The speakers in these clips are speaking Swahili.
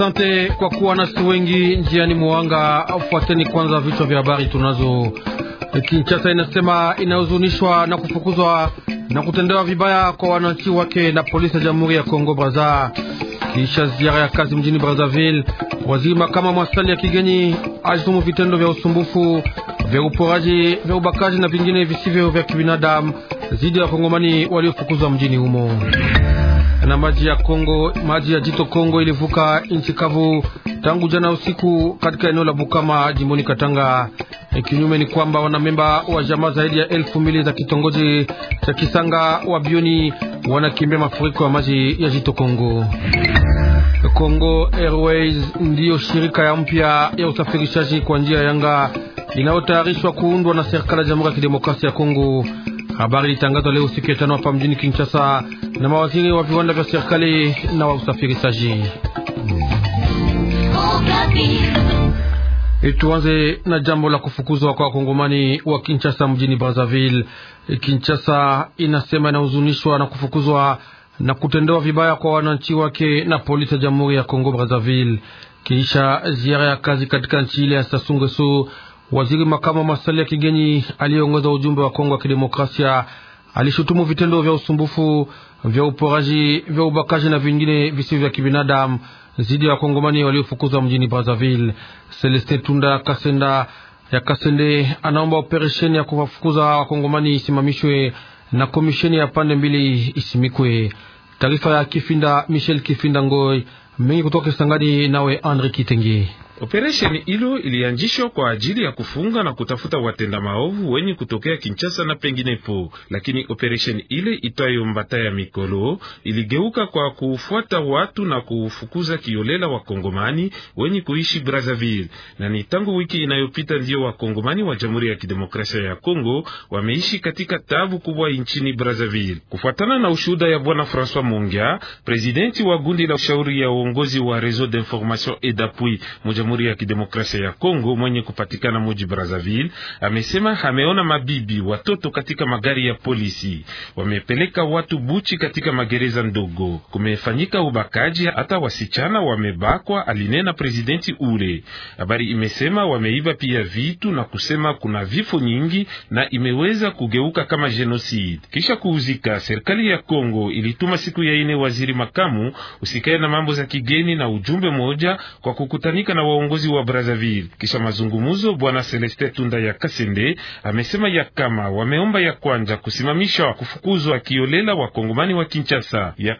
Asante kwa kuwa nasi wengi njiani mwanga. Fuateni kwanza vichwa vya habari tunazo. Kinshasa inasema inahuzunishwa na kufukuzwa na kutendewa vibaya kwa wananchi wake na polisi ya Jamhuri ya Kongo Braza. Kisha ziara ya kazi mjini Brazzaville, waziri makama mwasali ya kigeni azumu vitendo vya usumbufu vya uporaji vya ubakaji na vingine visivyo vya kibinadamu dhidi ya wakongomani waliofukuzwa mjini humo na maji ya Kongo, maji ya jito Kongo ilivuka nchi kavu tangu jana usiku katika eneo la Bukama jimboni Katanga. Kinyume ni kwamba wanamemba wa jamaa zaidi ya elfu mbili za kitongoji cha Kisanga wa Bioni wanakimbia mafuriko ya maji ya jito Kongo. Kongo Airways ndiyo shirika ya mpya ya usafirishaji kwa njia ya yanga inayotayarishwa kuundwa na serikali ya Jamhuri ya Kidemokrasia ya Kongo. Habari ilitangazwa leo siku ya tano hapa mjini Kinshasa na mawaziri wa viwanda vya serikali na wa usafirishaji. Eh, tuanze na jambo la kufukuzwa kwa wakongomani wa Kinshasa mjini Brazzaville. Eh, Kinshasa inasema inahuzunishwa na kufukuzwa na kutendewa vibaya kwa wananchi wake na polisi ya Jamhuri ya Kongo Brazzaville, kisha ziara ya kazi katika nchi ile ya Sasungesu. Waziri makamu wa masuala ya kigeni aliyeongoza ujumbe wa Kongo ya Kidemokrasia alishutumu vitendo vya usumbufu vya uporaji vya ubakaji na vingine visivyo vya kibinadamu dhidi ya wakongomani waliofukuzwa mjini Brazzaville. Celestin Tunda Kasenda ya Kasende anaomba operesheni ya kuwafukuza wakongomani isimamishwe na komisheni ya pande mbili isimikwe. Taarifa ya Kifinda Michel Kifinda Ngoi mengi kutoka Kisangani, nawe Andre Kitenge. Operesheni hilo ilianzishwa kwa ajili ya kufunga na kutafuta watenda maovu wenye kutokea Kinshasa na penginepo, lakini operesheni ile itwayo Mbata ya Mikolo iligeuka kwa kufuata watu na kufukuza kiolela wakongomani wenye kuishi Brazzaville, na ni tangu wiki inayopita ndio wakongomani wa Jamhuri ya Kidemokrasia ya Kongo wameishi katika tabu kubwa nchini Brazzaville, kufuatana na ushuhuda ya Bwana françois Mongia, presidenti wa gundi la ushauri ya uongozi wa reseau d'information et d'appui Jamhuri ya Kidemokrasia ya Kongo mwenye kupatikana muji Brazzaville amesema ameona mabibi watoto katika magari ya polisi, wamepeleka watu buchi katika magereza ndogo, kumefanyika ubakaji, hata wasichana wamebakwa, alinena presidenti ule. Habari imesema wameiba pia vitu na kusema kuna vifo nyingi na imeweza kugeuka kama genocide. Kisha kuuzika, serikali ya Kongo ilituma siku ya ine waziri makamu usikae na mambo za kigeni na ujumbe moja kwa kukutanika na wa uongozi wa Brazzaville. Kisha mazungumzo, bwana Celeste Tunda ya Kasende amesema ya kama wameomba ya kwanza kusimamisha kufukuzwa kiolela wa kongomani wa Kinshasa ya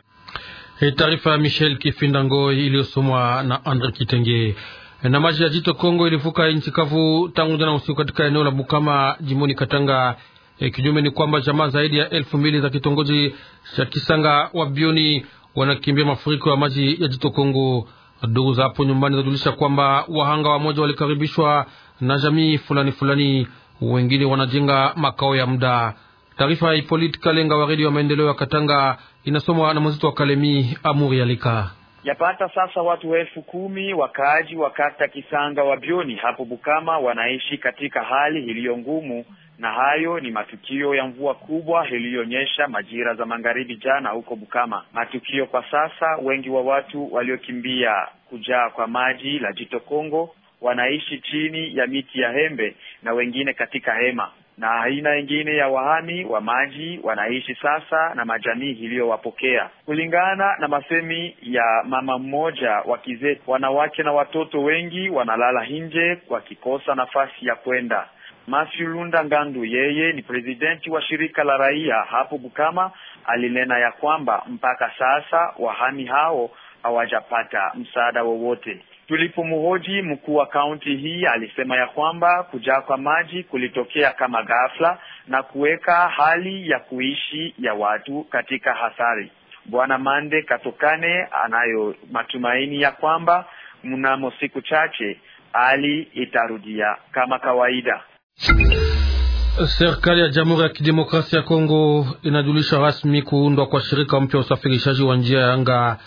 taarifa ya Michel Kifinda iliyosomwa na Andre Kitenge. Na maji ya jito Kongo ilivuka nchi kavu tangu jana usiku katika eneo la Bukama jimoni Katanga. E, kinyume ni kwamba jamaa zaidi ya elfu mbili za kitongoji cha Kisanga wa Bioni wanakimbia mafuriko ya maji ya jito Kongo. Ndugu za hapo nyumbani zajulisha kwamba wahanga wamoja walikaribishwa na jamii fulani fulani, wengine wanajenga makao ya muda. Taarifa ya hipolit Kalenga wa redio ya maendeleo ya Katanga inasomwa na mwenzetu wa Kalemi Amuri Alika. Yapata sasa watu elfu kumi wakaaji wa kata Kisanga wa Bioni hapo Bukama wanaishi katika hali iliyo ngumu na hayo ni matukio ya mvua kubwa iliyonyesha majira za magharibi jana huko Bukama. Matukio kwa sasa, wengi wa watu waliokimbia kujaa kwa maji la Jito Kongo wanaishi chini ya miti ya hembe na wengine katika hema na aina ingine ya wahami wa maji wanaishi sasa na majamii iliyowapokea. Kulingana na masemi ya mama mmoja wa kizee, wanawake na watoto wengi wanalala nje wakikosa nafasi ya kwenda Matthew Lunda Ngandu, yeye ni presidenti wa shirika la raia hapo Bukama, alinena ya kwamba mpaka sasa wahami hao hawajapata msaada wowote. Tulipomhoji mkuu wa kaunti hii, alisema ya kwamba kujaa kwa maji kulitokea kama ghafla na kuweka hali ya kuishi ya watu katika hatari. Bwana Mande Katokane anayo matumaini ya kwamba mnamo siku chache hali itarudia kama kawaida. Serikali ya Jamhuri ya Kidemokrasia ya Kongo inajulisha rasmi kuundwa kwa shirika mpya usafirishaji wa njia ya anga.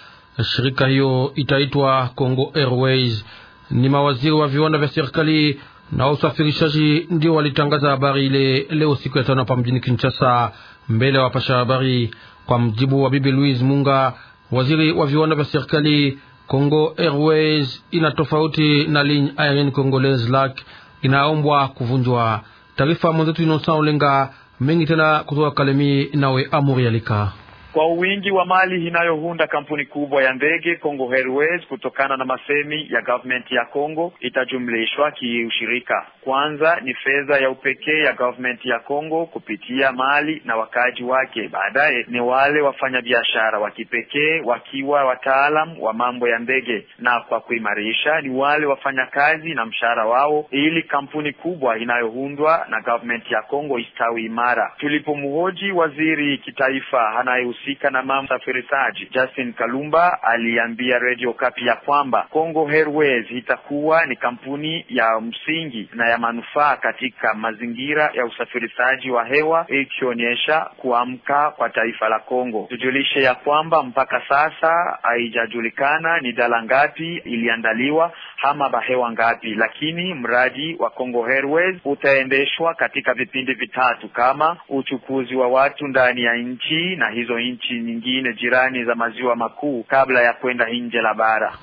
Shirika hiyo itaitwa Congo Airways. Ni mawaziri wa viwanda vya serikali na usafirishaji ndio walitangaza habari ile leo siku ya tano hapa mjini Kinshasa, mbele ya wapasha habari. Kwa mjibu wa Bibi Louise Munga, waziri wa viwanda vya serikali, Congo Airways ina tofauti na ligne aerienne congolaise LAC inaombwa kuvunjwa. Taarifa mwenzetu Inosa Olenga mengi tena kutoka Kalemi, nawe Amuri Alika kwa wingi wa mali inayohunda kampuni kubwa ya ndege Congo Airways, kutokana na masemi ya government ya Congo itajumlishwa kiushirika. Kwanza ni fedha ya upekee ya government ya Congo kupitia mali na wakaaji wake, baadaye ni wale wafanyabiashara wa kipekee wakiwa wataalam wa mambo ya ndege, na kwa kuimarisha ni wale wafanyakazi na mshahara wao, ili kampuni kubwa inayohundwa na government ya Congo istawi imara. Tulipomhoji waziri kitaifa anaye anayehusika na mambo safirishaji Justin Kalumba aliambia Radio Kapi ya kwamba Congo Airways itakuwa ni kampuni ya msingi na ya manufaa katika mazingira ya usafirishaji wa hewa, ikionyesha kuamka kwa taifa la Kongo. Tujulishe ya kwamba mpaka sasa haijajulikana ni dala ngapi iliandaliwa ama bahewa ngapi, lakini mradi wa Congo Airways utaendeshwa katika vipindi vitatu kama uchukuzi wa watu ndani ya nchi na hizo nchi nyingine jirani za maziwa makuu kabla ya kwenda nje la bara.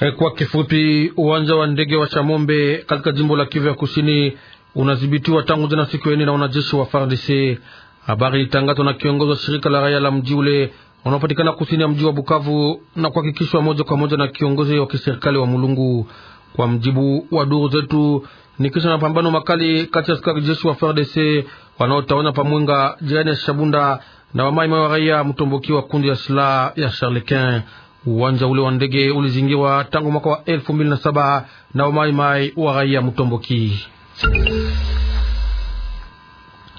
Eh, kwa kifupi, uwanja wa ndege wa Chamombe katika jimbo la Kivu ya Kusini unadhibitiwa tangu jana siku ya nne na wanajeshi wa FARDC. Habari ilitangazwa na kiongozi wa shirika la raia la mji ule wanaopatikana kusini ya mji wa Bukavu na kuhakikishwa moja kwa moja na kiongozi wa kiserikali wa Mulungu. Kwa mjibu wa duru zetu, ni kisha mapambano makali kati ya askari jeshi wa FARDC wanaotawanya Pamwenga jirani ya Shabunda na wamaimai wa raia mtomboki wa kundi ya silaha ya Charlequin. Uwanja ule wa ndege ulizingiwa tangu mwaka wa elfu mbili na saba na wamaimai wa raia mtomboki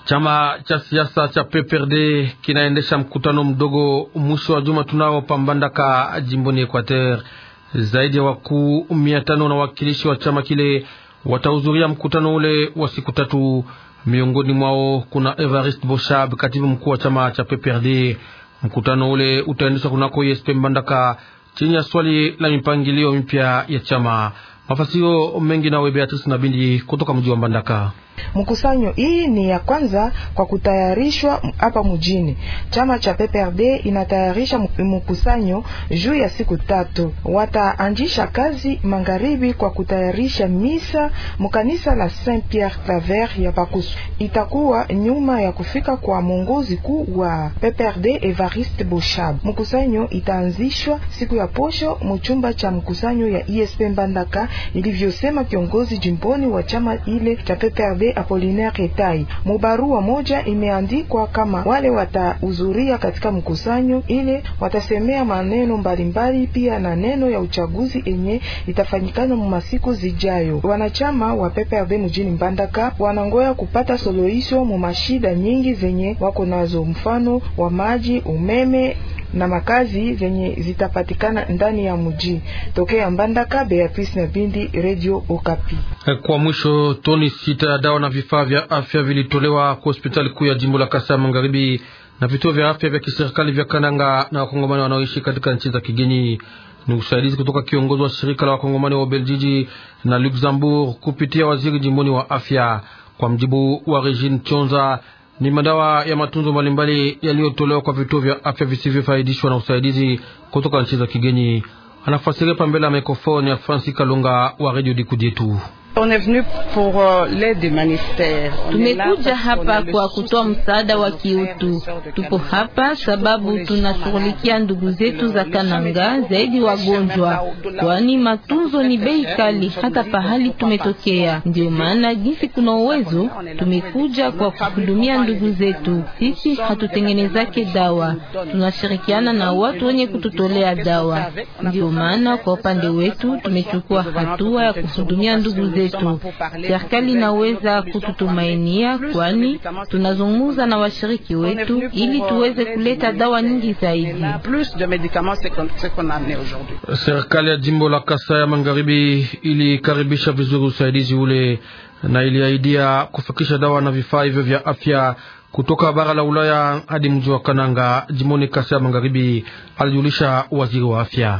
Chama cha siasa cha PPRD kinaendesha mkutano mdogo mwisho wa juma tunao Pambandaka, jimboni Equateur. Zaidi ya wakuu mia tano na wakilishi wa chama kile watahudhuria mkutano ule wa siku tatu. Miongoni mwao kuna Evariste Boshab, katibu mkuu wa chama cha PPRD. Mkutano ule utaendeshwa kunako ISP Mbandaka chini ya swali la mipangilio mipya ya chama. Mafasio mengi nawe Beatrice bindi kutoka mji wa Mbandaka. Mkusanyo hii ni ya kwanza kwa kutayarishwa hapa mjini. Chama cha PPRD inatayarisha mkusanyo juu ya siku tatu. Wataanzisha kazi magharibi kwa kutayarisha misa mkanisa la Saint Pierre Claver ya Bakusu. Itakuwa nyuma ya kufika kwa mwongozi kuu wa PPRD Evariste Boshab. Mkusanyo itaanzishwa siku ya posho mchumba cha mkusanyo ya ISP Mbandaka, ilivyosema kiongozi jimboni wa chama ile cha PPRD Andre Apolinaire Etai. Mubarua moja imeandikwa kama wale watahudhuria katika mkusanyo ile watasemea maneno mbalimbali, pia na neno ya uchaguzi enye itafanyikana mu masiku zijayo. Wanachama wa PPRD mjini Mbandaka wanangoya kupata suluhisho mashida nyingi zenye wako nazo, mfano wa maji, umeme na makazi zenye zitapatikana ndani ya mji. Tokea Mbandaka, Beatrice na Bindi, Radio Okapi. Kwa mwisho, toni sita ya dawa na vifaa vya afya vilitolewa kwa hospitali kuu ya jimbo la Kasai Magharibi na vituo vya afya vya kiserikali vya Kananga na wakongomani wanaoishi katika nchi za kigeni. Ni usaidizi kutoka kiongozi wa shirika la wakongomani wa Ubeljiji na Luxembourg kupitia waziri jimboni wa afya, kwa mjibu wa Regine Chonza ni madawa ya matunzo mbalimbali yaliyotolewa kwa vituo vya afya visivyofaidishwa na usaidizi kutoka nchi za kigeni. Anafasiria pambele ya mikrofoni ya Francis Kalunga wa Radio Dikudietu. Euh, tumekuja hapa kwa kutoa msaada wa kiutu. Tupo hapa sababu tunashughulikia ndugu zetu za Kananga zaidi wagonjwa, kwani matunzo ni bei kali hata pahali tumetokea. Ndio maana jinsi kuna uwezo tumekuja kwa kuhudumia ndugu zetu. Sisi hatutengenezake dawa, tunashirikiana na watu wenye kututolea dawa. Ndio maana kwa upande wetu tumechukua hatua ya kuhudumia ndugu zetu wetu. Serikali inaweza kututumainia, kwani tunazungumza na washiriki wetu ili tuweze kuleta dawa nyingi zaidi. Serikali ya jimbo la Kasai ya Magharibi ilikaribisha vizuri usaidizi ule na iliaidia kufikisha dawa na vifaa hivyo vya afya kutoka bara la Ulaya hadi mji wa Kananga jimboni Kasai ya Magharibi, alijulisha waziri wa afya.